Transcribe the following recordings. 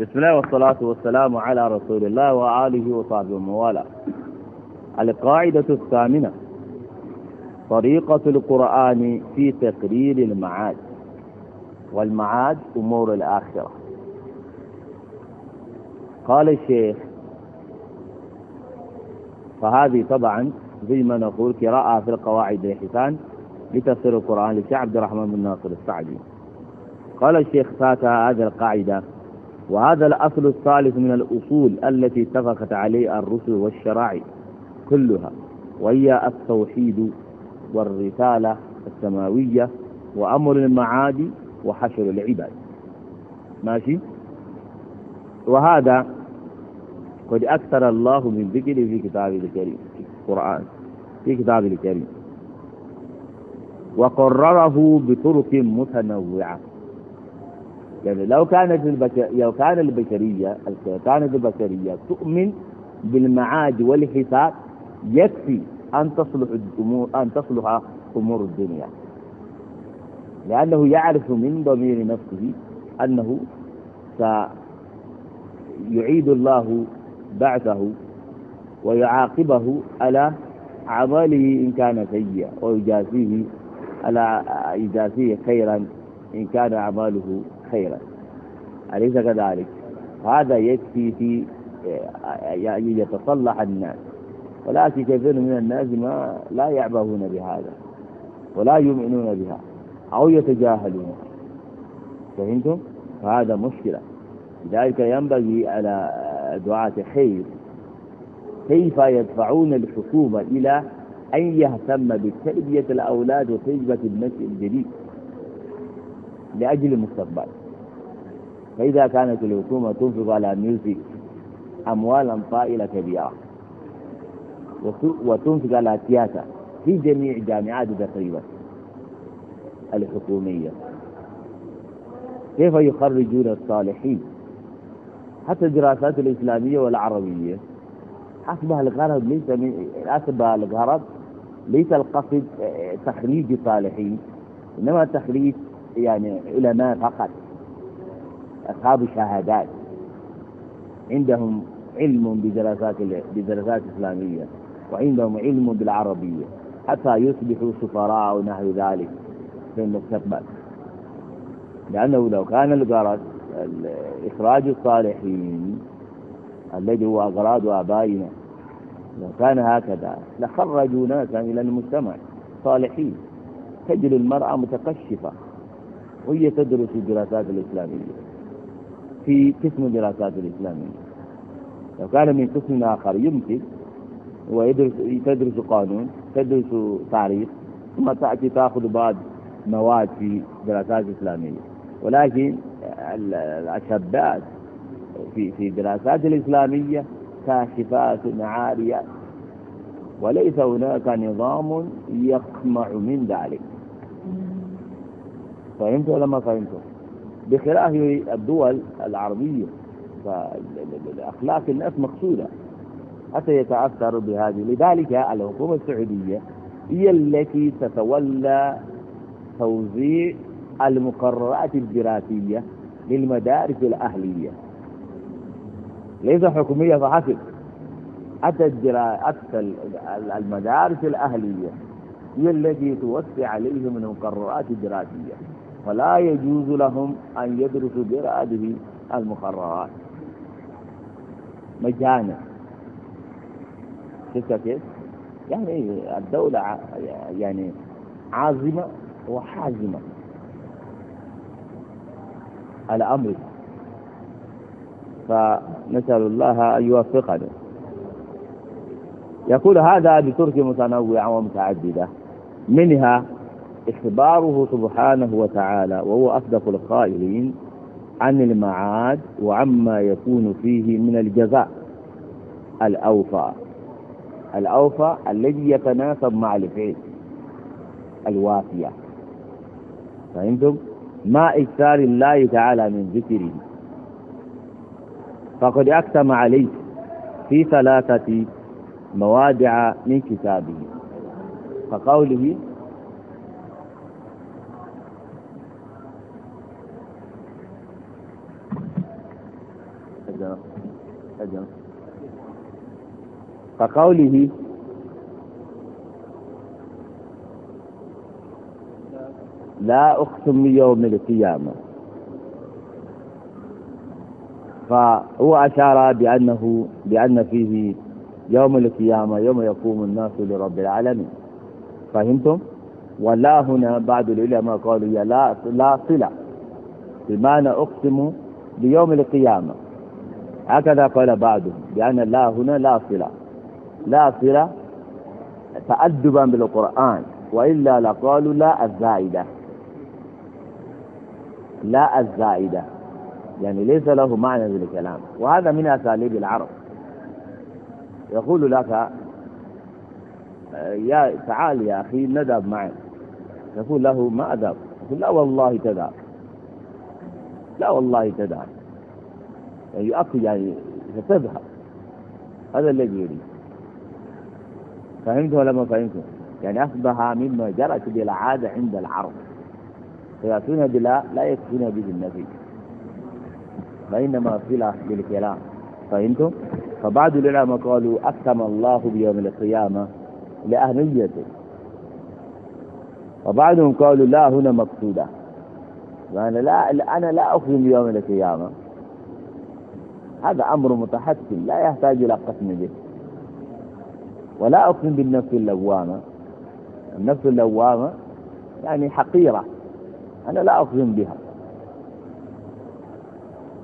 بسم الله والصلاة والسلام على رسول الله وآله وصحبه وموالاه القاعدة الثامنة طريقة القرآن في تقرير المعاد والمعاد أمور الآخرة قال الشيخ فهذه طبعا زي ما نقول قراءة في القواعد الحسان لتفسير القرآن للشيخ عبد الرحمن بن ناصر السعدي قال الشيخ فات هذه القاعدة وهذا الأصل الثالث من الأصول التي اتفقت عليه الرسل والشرائع كلها وهي التوحيد والرسالة السماوية وأمر المعاد وحشر العباد ماشي وهذا قد أكثر الله من ذكره في كتابه الكريم في القرآن في كتابه الكريم وقرره بطرق متنوعة يعني لو كانت البشر لو كان البشرية كانت البشرية تؤمن بالمعاد والحساب يكفي أن تصلح الأمور أن تصلح أمور الدنيا لأنه يعرف من ضمير نفسه أنه سيعيد الله بعثه ويعاقبه على عمله إن كان سيئا ويجازيه على يجازيه خيرا إن كان أعماله خيرا أليس كذلك هذا يكفي في يعني يتصلح الناس ولكن كثير من الناس ما لا يعبهون بهذا ولا يؤمنون بها أو يتجاهلون فهمتم؟ فهذا مشكلة لذلك ينبغي على دعاة خير كيف يدفعون الحكومة إلى أن يهتم بتربية الأولاد وتجربة المسجد الجديد لأجل المستقبل فإذا كانت الحكومة تنفق على الميوزك أموالا طائلة كبيرة وتنفق على سياسة في جميع الجامعات تقريبا الحكومية كيف يخرجون الصالحين حتى الدراسات الإسلامية والعربية أصبح الغرض ليس من أصبح الغرض ليس القصد تخريج صالحين إنما تخريج يعني علماء فقط أصحاب شهادات عندهم علم بدراسات بدراسات إسلامية وعندهم علم بالعربية حتى يصبحوا سفراء ونحو ذلك في المستقبل لأنه لو كان الغرض إخراج الصالحين الذي هو أغراض آبائنا لو كان هكذا لخرجوا ناسا إلى المجتمع صالحين تجد المرأة متقشفة وهي تدرس الدراسات الإسلامية في قسم دراسات الإسلامية لو كان من قسم آخر يمكن ويدرس تدرس قانون تدرس تاريخ ثم تأتي تأخذ بعض مواد في دراسات إسلامية ولكن الشابات في في الدراسات الإسلامية كاشفات عاريات وليس هناك نظام يقمع من ذلك فهمت ولا ما فهمت؟ بخلاف الدول العربية فأخلاق الناس مقصودة حتى يتأثر بهذه لذلك الحكومة السعودية هي التي تتولى توزيع المقررات الدراسية للمدارس الأهلية ليس حكومية فحسب حتى المدارس الأهلية هي التي توسع عليهم المقررات الدراسية فلا يجوز لهم أن يدرسوا برأده المقررات مجانا شفت كيف؟ يعني الدولة يعني عازمة وحازمة على أمر فنسأل الله أن يوفقنا يقول هذا بترك متنوعة ومتعددة منها إخباره سبحانه وتعالى وهو أصدق القائلين عن المعاد وعما يكون فيه من الجزاء الأوفى الأوفى الذي يتناسب مع الفعل الوافية فهمتم؟ ما إكثار الله تعالى من ذكره فقد أكتم عليه في ثلاثة موادع من كتابه فقوله كقوله لا أقسم بيوم القيامة فهو أشار بأنه بأن فيه يوم القيامة يوم يقوم الناس لرب العالمين فهمتم؟ ولا هنا بعض العلماء قالوا يا لا لا صلة بمعنى أقسم بيوم القيامة هكذا قال بعضهم بأن لا هنا لا صلة لا صلة تأدبا بالقرآن وإلا لقالوا لا الزائدة لا الزائدة يعني ليس له معنى للكلام وهذا من أساليب العرب يقول لك يا تعال يا أخي نذهب معي يقول له ما أذهب يقول لا والله تذهب لا والله يعني يعني تذهب يعني يؤكد يعني ستذهب هذا الذي يريد فهمت ولا ما فهمت يعني أشبه مما جرت به العادة عند العرب فيأتون بلا لا يكفون به النبي فإنما صلة بالكلام فهمتم؟ فبعض العلماء قالوا اقسم الله بيوم القيامة لأهميته وبعضهم قالوا لا هنا مقصودة وأنا يعني لا أنا لا أقسم بيوم القيامة هذا أمر متحتم لا يحتاج إلى قسم به ولا أقسم بالنفس اللوامة النفس اللوامة يعني حقيرة أنا لا أقسم بها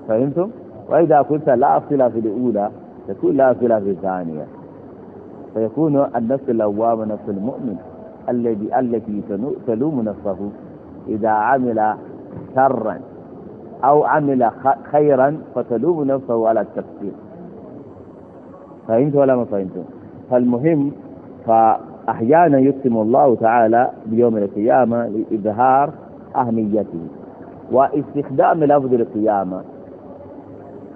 فهمتم؟ وإذا قلت لا أصل في الأولى تكون لا أصل في الثانية فيكون النفس اللوامة نفس المؤمن الذي التي تلوم نفسه إذا عمل شرا أو عمل خيرا فتلوم نفسه على التقصير فهمت ولا ما فهمتم؟ فالمهم فأحيانا يقسم الله تعالى بيوم القيامة لإظهار أهميته واستخدام لفظ القيامة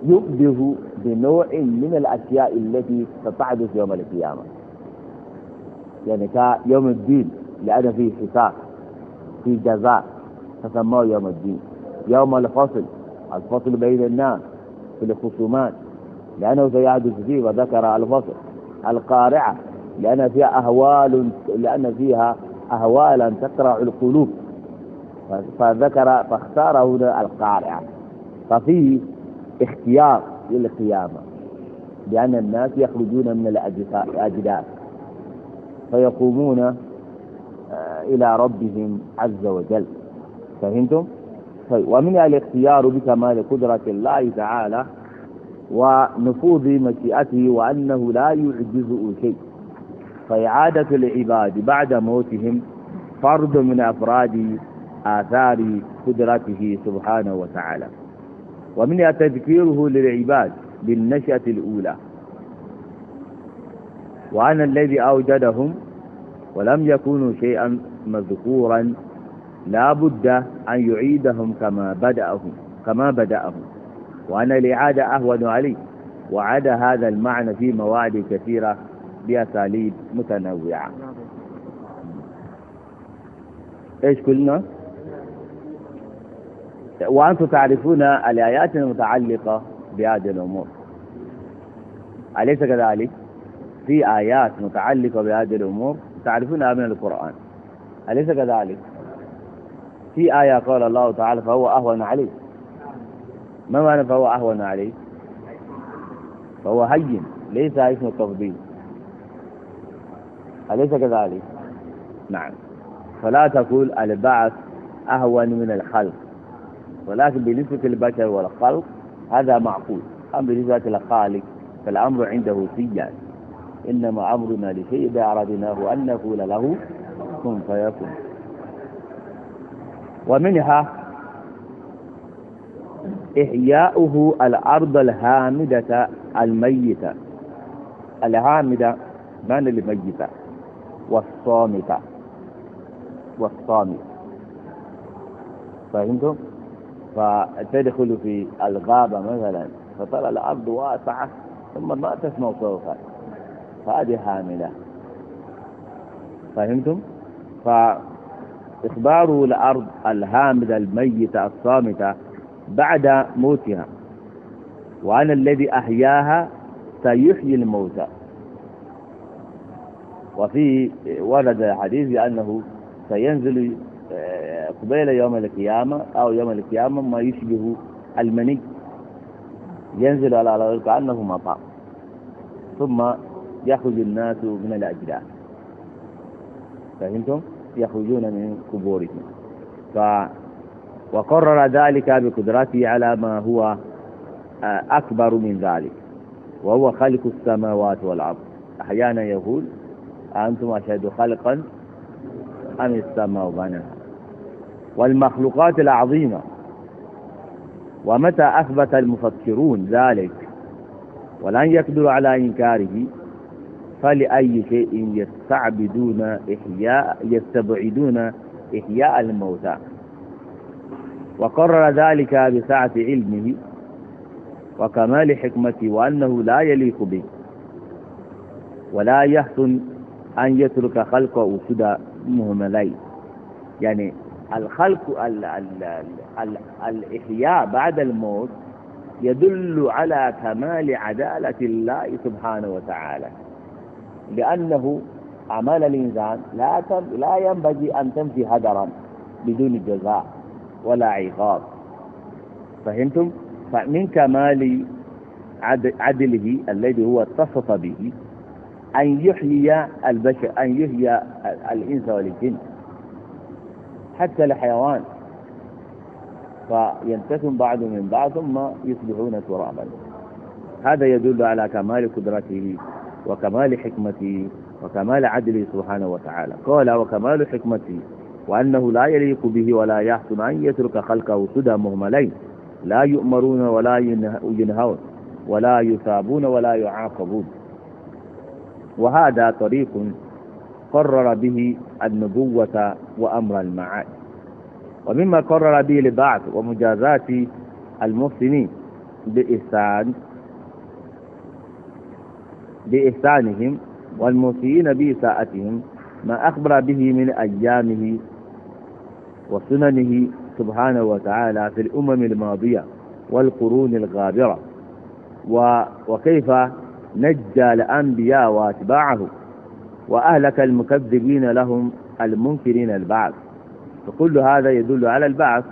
يبدو بنوع من الأشياء التي ستحدث يوم القيامة يعني كيوم الدين لأن فيه حساب في جزاء تسموه يوم الدين يوم الفصل الفصل بين الناس في الخصومات لأنه سيحدث فيه وذكر الفصل القارعة لأن فيها أهوال لأن فيها أهوالا تقرع القلوب فذكر فاختار هنا القارعة ففيه اختيار للقيامة لأن الناس يخرجون من الأجداد فيقومون آه، إلى ربهم عز وجل فهمتم؟ طيب ومن الاختيار بكمال قدرة الله تعالى ونفوذ مشيئته وأنه لا يعجزه شيء فإعادة العباد بعد موتهم فرد من أفراد آثار قدرته سبحانه وتعالى ومنها تذكيره للعباد بالنشأة الأولى وأنا الذي أوجدهم ولم يكونوا شيئا مذكورا لا بد أن يعيدهم كما بدأهم كما بدأهم وأن الإعادة أهون عليه وعدا هذا المعنى في مواد كثيرة بأساليب متنوعة إيش قلنا؟ وأنتم تعرفون الآيات المتعلقة بهذه الأمور أليس كذلك؟ في آيات متعلقة بهذه الأمور تعرفونها من القرآن أليس كذلك؟ في آية قال الله تعالى فهو أهون عليه ما معنى فهو أهون عليه فهو هين ليس اسم التفضيل أليس كذلك نعم فلا تقول البعث أهون من الخلق ولكن بنسبة البشر والخلق هذا معقول أما بالنسبة للخالق فالأمر عنده سيان إنما أمرنا لشيء إذا أردناه أن نقول له كن فيكون ومنها إحياؤه الأرض الهامدة الميتة الهامدة من الميتة والصامتة والصامت فهمتم؟ فتدخل في الغابة مثلا فترى الأرض واسعة ثم ما تسمع صوتها فهذه هاملة فهمتم؟ فإخباره الأرض الهامدة الميتة الصامتة بعد موتها وأنا الذي أحياها سيحيي الموتى وفي ورد حديث بأنه سينزل آه، قبيل يوم القيامة أو يوم القيامة ما يشبه المني ينزل على الأرض كأنه مطاع ثم يخرج الناس من الأجداد فهمتم؟ يخرجون من قبورهم ف وقرر ذلك بقدرته على ما هو آه، أكبر من ذلك وهو خلق السماوات والأرض أحيانا يقول أنتم أشد خلقا أم السماء بناها والمخلوقات العظيمة ومتى أثبت المفكرون ذلك ولن يقدروا على إنكاره فلأي شيء يستعبدون إحياء يستبعدون إحياء الموتى وقرر ذلك بسعة علمه وكمال حكمته وأنه لا يليق به ولا يحسن أن يترك خلقه سدى مهملين يعني الخلق الـ الـ الـ الإحياء بعد الموت يدل على كمال عدالة الله سبحانه وتعالى لأنه أعمال الإنسان لا لا ينبغي أن تمشي هدرا بدون جزاء ولا عقاب فهمتم فمن كمال عدله الذي هو اتصف به أن يحيي البشر أن يحيي الإنس والجن حتى الحيوان فينتثم بعض من بعض ثم يصبحون ترابا هذا يدل على كمال قدرته وكمال حكمته وكمال عدله سبحانه وتعالى قال وكمال حكمته وأنه لا يليق به ولا يحسن أن يترك خلقه سدى مهملين لا يؤمرون ولا ينهون ولا يثابون ولا يعاقبون وهذا طريق قرر به النبوة وأمر المعاد ومما قرر به لبعض ومجازات المحسنين بإحسان بإحسانهم والمسيئين بإساءتهم ما أخبر به من أيامه وسننه سبحانه وتعالى في الأمم الماضية والقرون الغابرة وكيف نجى الأنبياء وأتباعه وأهلك المكذبين لهم المنكرين البعث فكل هذا يدل على البعث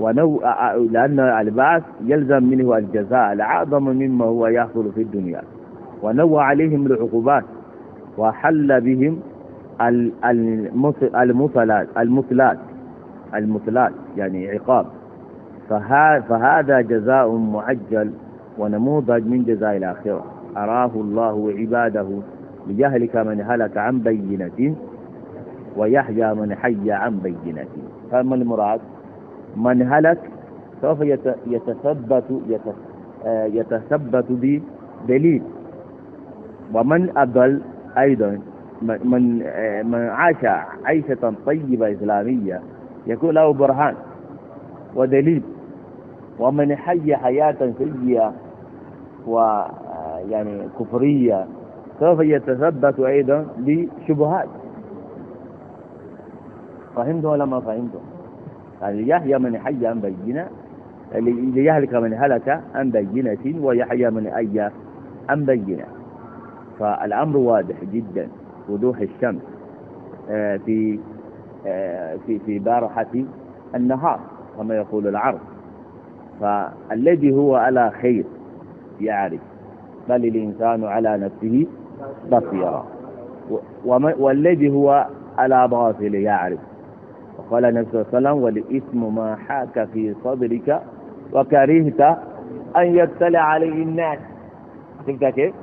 ونو... لأن البعث يلزم منه الجزاء الأعظم مما هو يحصل في الدنيا ونوى عليهم العقوبات وحل بهم المثلات المثلات المثلات يعني عقاب فهذا جزاء معجل ونموذج من جزاء الآخرة أراه الله عباده ليهلك من هلك عن بينة ويحيى من حي عن بينة فما المراد من هلك سوف يتثبت آه، يتثبت بدليل ومن أضل أيضا من آه، من عاش عيشة طيبة إسلامية يكون له برهان ودليل ومن حي حياة سيئة ويعني آه، كفرية سوف يتثبت أيضا بشبهات فهمت ولا ما فهمت يعني يحيى من حي أن بينة ليهلك من هلك أن بينة ويحيى من أي أن بينة فالأمر واضح جدا وضوح الشمس آه، في آه، في في بارحة النهار كما يقول العرب فالذي هو على خير يعرف بل الإنسان على نفسه بصيرا والذي هو على باطل يعرف وقال النبي صلى الله عليه وسلم والإثم ما حاك في صدرك وكرهت أن يبتلى عليه الناس شفت كيف؟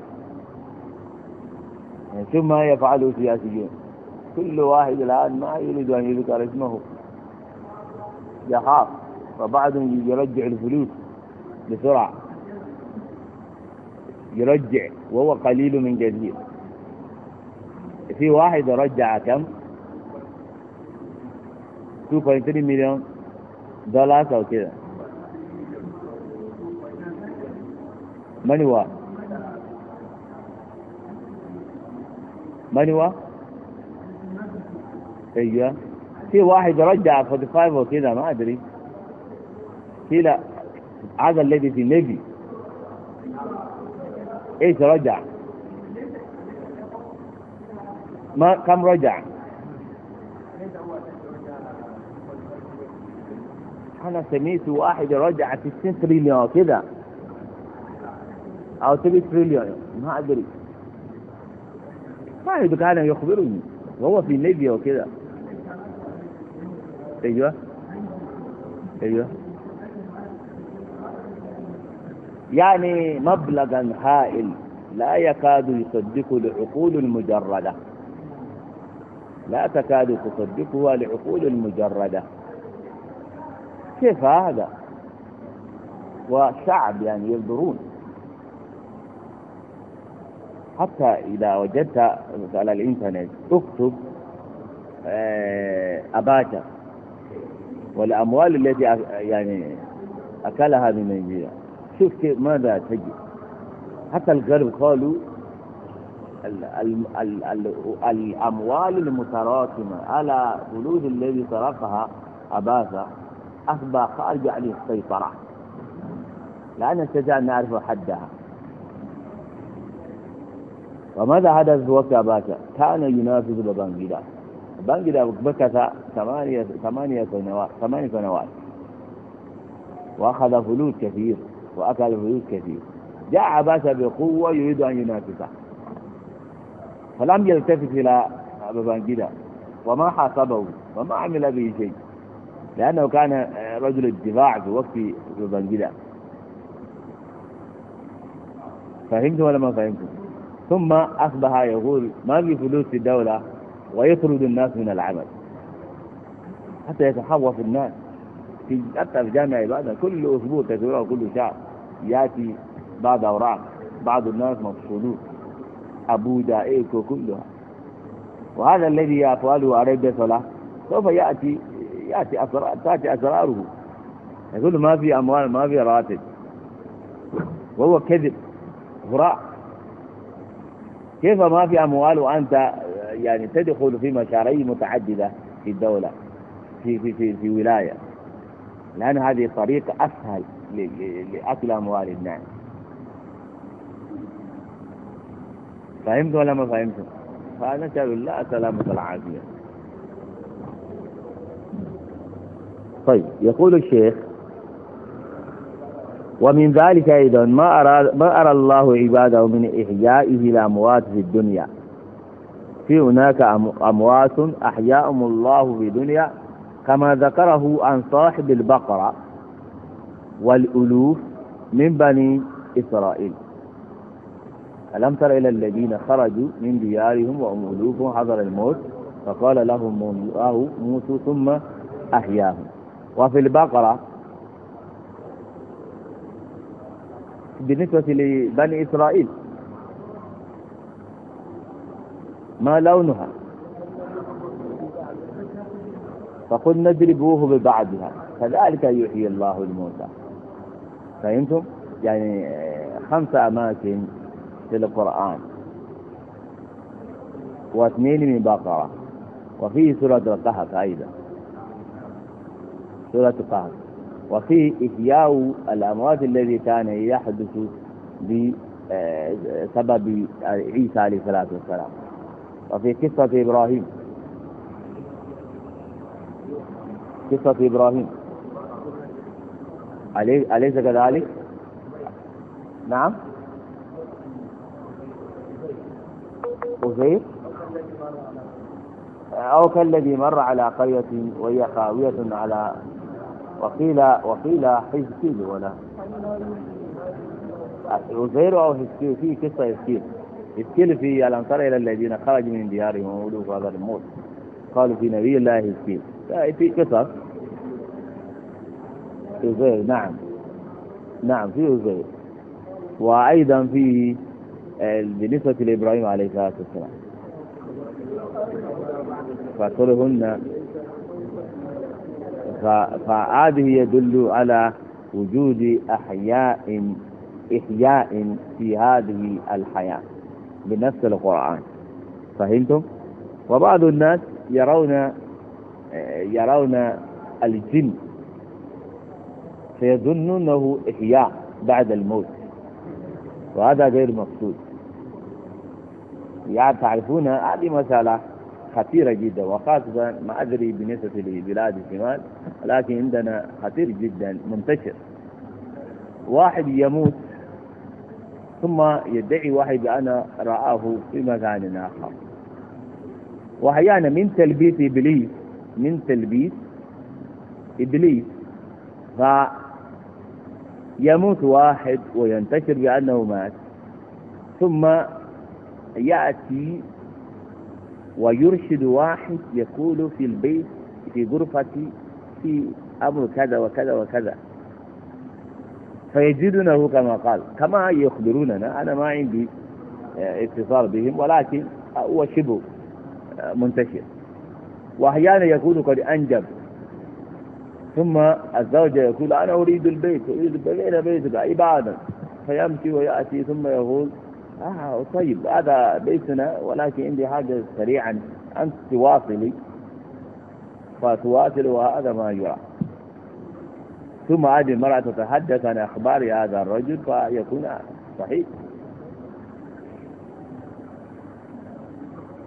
يعني ثم يفعله سياسيون كل واحد الآن ما يريد أن يذكر اسمه يخاف فبعضهم يرجع الفلوس بسرعة يرجع وهو قليل من جديد في واحد رجع كم 2.3 مليون دولار أو كذا من هو؟ من هو؟ ايوه في واحد رجع 45 وكذا ما ادري كلا هذا الذي في ليبي ايش رجع؟ ما كم رجع؟ انا سميت واحد رجع 60 تريليون كذا او 3 تريليون ما ادري صاحب كان يخبرني وهو في ليبيا وكذا ايوه ايوه يعني مبلغا هائل لا يكاد يصدقه العقول المجردة لا تكاد تصدقها العقول المجردة كيف هذا وشعب يعني يبدرون حتى إذا وجدت على الإنترنت اكتب آه، أباتا والأموال التي يعني أكلها من نيجيريا شوف كيف ماذا تجد حتى الغرب قالوا ال ال ال الأموال المتراكمة على فلوس الذي سرقها أباثة أصبح خارج عن السيطرة لا نستطيع أن نعرف حدها وماذا حدث وقت باكا كان ينافس ببانجيدا بانجيدا بكت ثمانية ثمانية سنوات ثمانية سنوات وأخذ فلوس كثير وأكل فلوس كثير جاء عباس بقوة يريد أن ينافسه فلم يلتفت إلى ببانجيدا وما حاسبه وما عمل به شيء لأنه كان رجل الدفاع في وقت ببانجيدا فهمت ولا ما فهمت؟ ثم أصبح يقول ما في فلوس في الدولة ويطرد الناس من العمل حتى يتخوف الناس في حتى في جامع بعد كل أسبوع تجربة كل شهر يأتي بعض أوراق بعض الناس مفصولون أبو دائك كلها وهذا الذي يفعله أريد صلاة سوف يأتي يأتي أسرار تأتي أسراره يقول ما في أموال ما في راتب وهو كذب هراء كيف ما في أموال وأنت يعني تدخل في مشاريع متعددة في الدولة في في في, في ولاية لأن هذه طريقة أسهل لأكل أموال الناس فهمت ولا ما فهمت؟ فنسأل الله سلامة العافية طيب يقول الشيخ ومن ذلك أيضا ما أرى, ما أرى الله عباده من إحيائه الأموات في الدنيا في هناك أموات أحياهم الله في الدنيا كما ذكره عن صاحب البقرة والألوف من بني إسرائيل ألم تر إلى الذين خرجوا من ديارهم وهم ألوف حضر الموت فقال لهم موسى ثم أحياهم وفي البقرة بالنسبة لبني إسرائيل ما لونها فقلنا نضربوه ببعضها كذلك يحيي الله الموتى فهمتم يعني خمس أماكن في القرآن واثنين من بقرة وفيه سورة القهف أيضا سورة القهف وفيه إحياء الأموات الذي كان يحدث بسبب آه، عيسى عليه الصلاة والسلام وفي قصة إبراهيم قصة إبراهيم أليس كذلك؟ نعم أزير أو كالذي مر على قرية وهي خاوية على وقيل وقيل حزكيل ولا عزير أو حزكيل في قصة حزكيل حزكيل في الانصار إلى الذين خرجوا من ديارهم وولوا في هذا الموت قالوا في نبي الله حزكيل في قصص عزير نعم نعم في عزير وأيضا فيه آه، بالنسبة لإبراهيم عليه الصلاة والسلام فاقتلهن فهذه يدل على وجود أحياء إحياء في هذه الحياة بنفس القرآن فهمتم؟ وبعض الناس يرون يرون الجن فيظنونه إحياء بعد الموت وهذا غير مقصود يعني تعرفون هذه مسألة خطيرة جدا وخاصة ما أدري بالنسبة لبلاد الشمال لكن عندنا خطير جدا منتشر واحد يموت ثم يدعي واحد أنا رآه في مكان آخر وأحيانا من تلبيس إبليس من تلبيس إبليس فيموت واحد وينتشر بأنه مات ثم يأتي ويرشد واحد يقول في البيت في غرفتي في أمر كذا وكذا وكذا فيجدونه كما قال كما يخبروننا أنا ما عندي آه، اتصال بهم ولكن آه، هو شبه آه، منتشر وأحيانا يكون قد أنجب ثم الزوجة يقول أنا أريد البيت أريد أين بيتك عبادة فيمشي ويأتي ثم يقول آه طيب هذا بيتنا ولكن عندي حاجة سريعا أنت تواصلي فتواصل وهذا ما يرى ثم هذه المرأة تتحدث عن أخبار هذا الرجل فيكون صحيح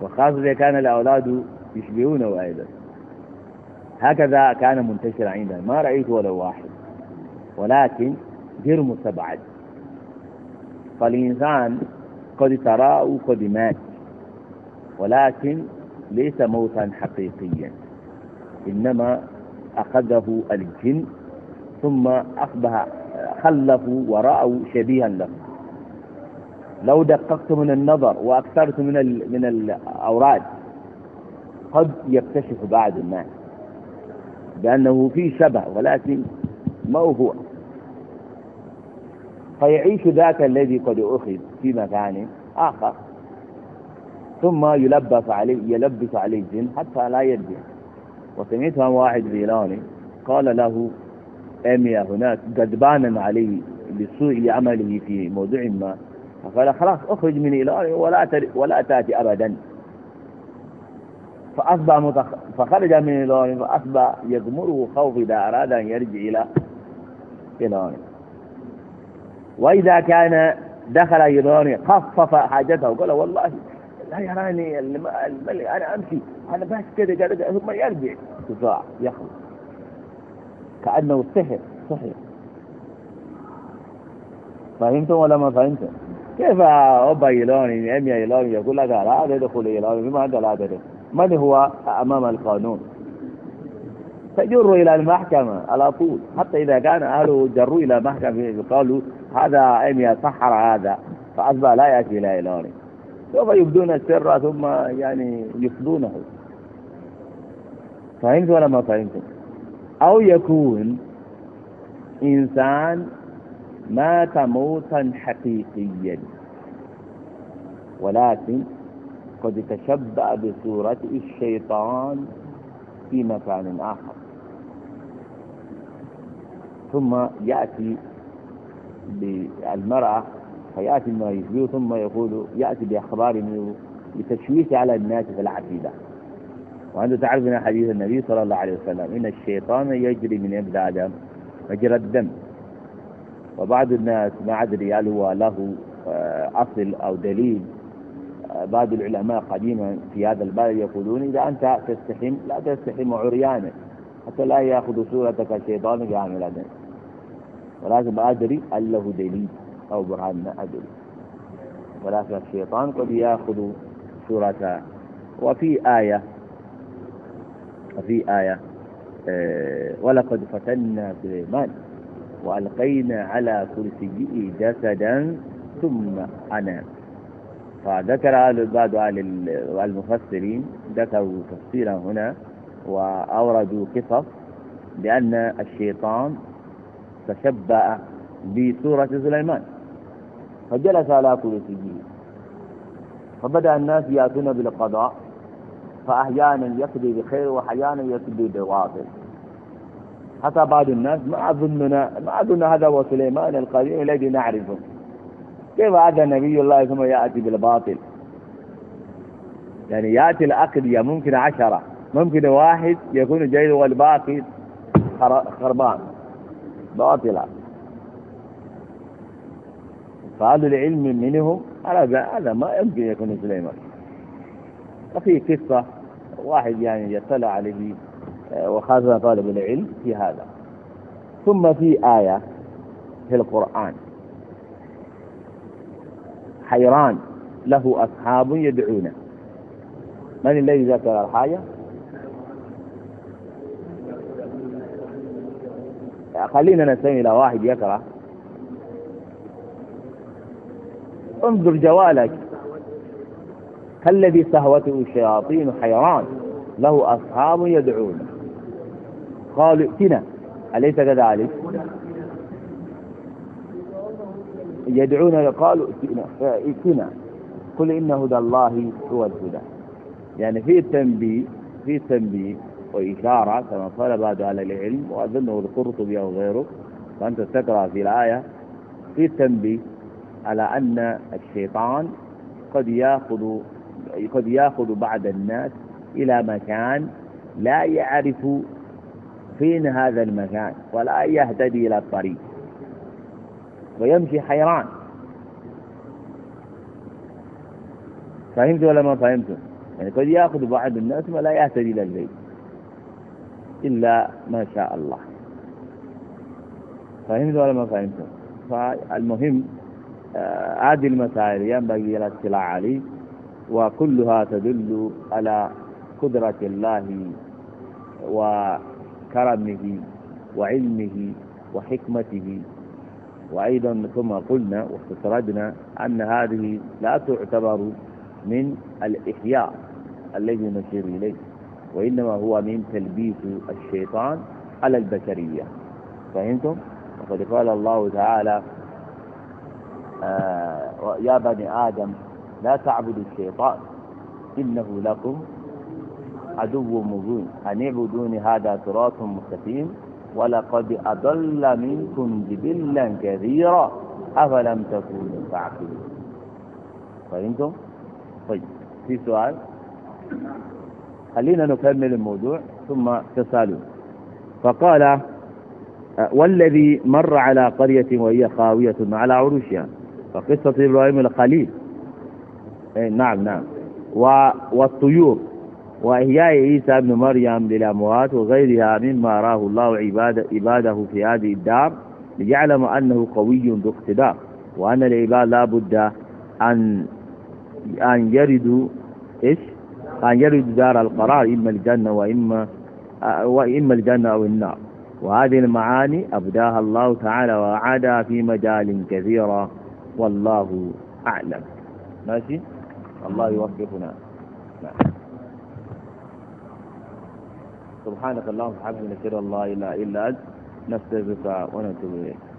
وخاصة إذا كان الأولاد يشبهونه أيضا هكذا كان منتشرا عندنا ما رأيت ولا واحد ولكن غير مستبعد فالإنسان قد تراه قد مات ولكن ليس موتا حقيقيا إنما أخذه الجن ثم أصبح خلفوا ورأوا شبيها له لو دققت من النظر وأكثرت من من الأوراد قد يكتشف بعد الناس بأنه في شبه ولكن ما هو فيعيش ذاك الذي قد أخذ في مكان آخر ثم يلبس عليه يلبس عليه الجن حتى لا يرجع وسمعت واحد إيراني قال له أمي هناك غضبانا عليه لسوء عمله في موضوع ما فقال خلاص اخرج من إيران ولا ولا تأتي أبدا فأصبح متخ... فخرج من إيران فأصبح يغمره خوف إذا أراد أن يرجع إلى إيران وإذا كان دخل يراني خفف حاجته قال والله لا يراني الملك أنا أمشي أنا بس كده قال ثم يرجع تضاع يخرج كأنه سحر سحر فهمتم ولا ما فهمتم؟ كيف أبا يلوني أمي يلوني يقول لك لا تدخل يلوني بما أنت لا تدخل من هو أمام القانون فجر إلى المحكمة على طول حتى إذا كان أهله جروا إلى محكمة قالوا هذا أين سحر هذا فأصبح لا يأتي إلى إلهي سوف يبدون السر ثم يعني يفضونه فهمت ولا ما فهمت أو يكون إنسان مات موتا حقيقيا ولكن قد تشبأ بصورة الشيطان في مكان آخر ثم يأتي بالمرأة فيأتي ما يشبهه ثم يقول يأتي بأخبار لتشويش على الناس في العقيدة وأنت تعرف من حديث النبي صلى الله عليه وسلم إن الشيطان يجري من ابن آدم مجرى الدم وبعض الناس ما أدري هل هو له آه، أصل أو دليل آه، بعض العلماء قديما في هذا البلد يقولون إذا أنت تستحم لا تستحم عريانا حتى لا يأخذ صورتك الشيطان كاملا ولكن ما أدري أن له دليل أو برهان ما أدري ولكن الشيطان قد يأخذ سورة وفي آية وفي آية آه، ولقد فتنا سليمان وألقينا على كرسيه جسدا ثم أنا فذكر بعض المفسرين ذكروا تفسيرا هنا وأوردوا قصص بأن الشيطان تشبأ بسورة سليمان فجلس على سجين فبدأ الناس يأتون بالقضاء فأحيانا يقضي بخير وأحيانا يقضي بباطل حتى بعض الناس ما أظننا ما أظن هذا هو سليمان القديم الذي نعرفه كيف هذا نبي الله ثم يأتي بالباطل يعني يأتي العقد ممكن عشرة ممكن واحد يكون جيد والباقي خربان باطلة فهل العلم منهم على هذا ما يمكن يكون سليمان وفي قصة واحد يعني يطلع عليه آه، وخاصة طالب العلم في هذا ثم في آية في القرآن حيران له أصحاب يدعونه من الذي ذكر الحاجة خلينا نسلم إلى واحد يقرأ انظر جوالك الذي سهوته الشياطين حيران له أصحاب يدعون قالوا ائتنا أليس كذلك يدعون قالوا ائتنا قل إن هدى الله هو الهدى يعني في التنبيه في التنبيه وإشارة كما قال بعض أهل العلم وأظنه القرطبي أو غيره وأنت تقرأ في الآية في التنبيه على أن الشيطان قد يأخذ قد يأخذ بعض الناس إلى مكان لا يعرف فين هذا المكان ولا يهتدي إلى الطريق ويمشي حيران فهمت ولا ما فهمت يعني قد يأخذ بعض الناس ولا يهتدي إلى البيت إلا ما شاء الله فهمت ولا ما فهمت فالمهم آه، هذه المسائل ينبغي الاطلاع عليه وكلها تدل على قدرة الله وكرمه وعلمه وحكمته وأيضا ثم قلنا واستطردنا أن هذه لا تعتبر من الإحياء الذي نشير إليه وإنما هو من تلبيس الشيطان على البشرية فهمتم؟ وقد قال الله تعالى آه يا بني آدم لا تعبدوا الشيطان إنه لكم عدو مبين أن اعبدوني هذا صراط مستقيم ولقد أضل منكم جبلا كثيرا أفلم تكونوا تعقلون فهمتم؟ طيب في سؤال؟ خلينا نكمل الموضوع ثم تسالون فقال والذي مر على قرية وهي خاوية على عروشها فقصة إبراهيم الخليل إيه، نعم نعم والطيور وإحياء عيسى بن مريم للأموات وغيرها مما راه الله عباد عباده في هذه الدار ليعلم أنه قوي ذو اقتدار وأن العباد لا بد أن أن يردوا إيش كان يرد دار القرار إما الجنة وإما وإما الجنة أو النار وهذه المعاني أبداها الله تعالى وأعادها في مجال كثيرة والله أعلم ماشي الله يوفقنا نعم. سبحانك اللهم وبحمدك نشهد الله لا إله إلا أنت نستغفرك ونتوب إليك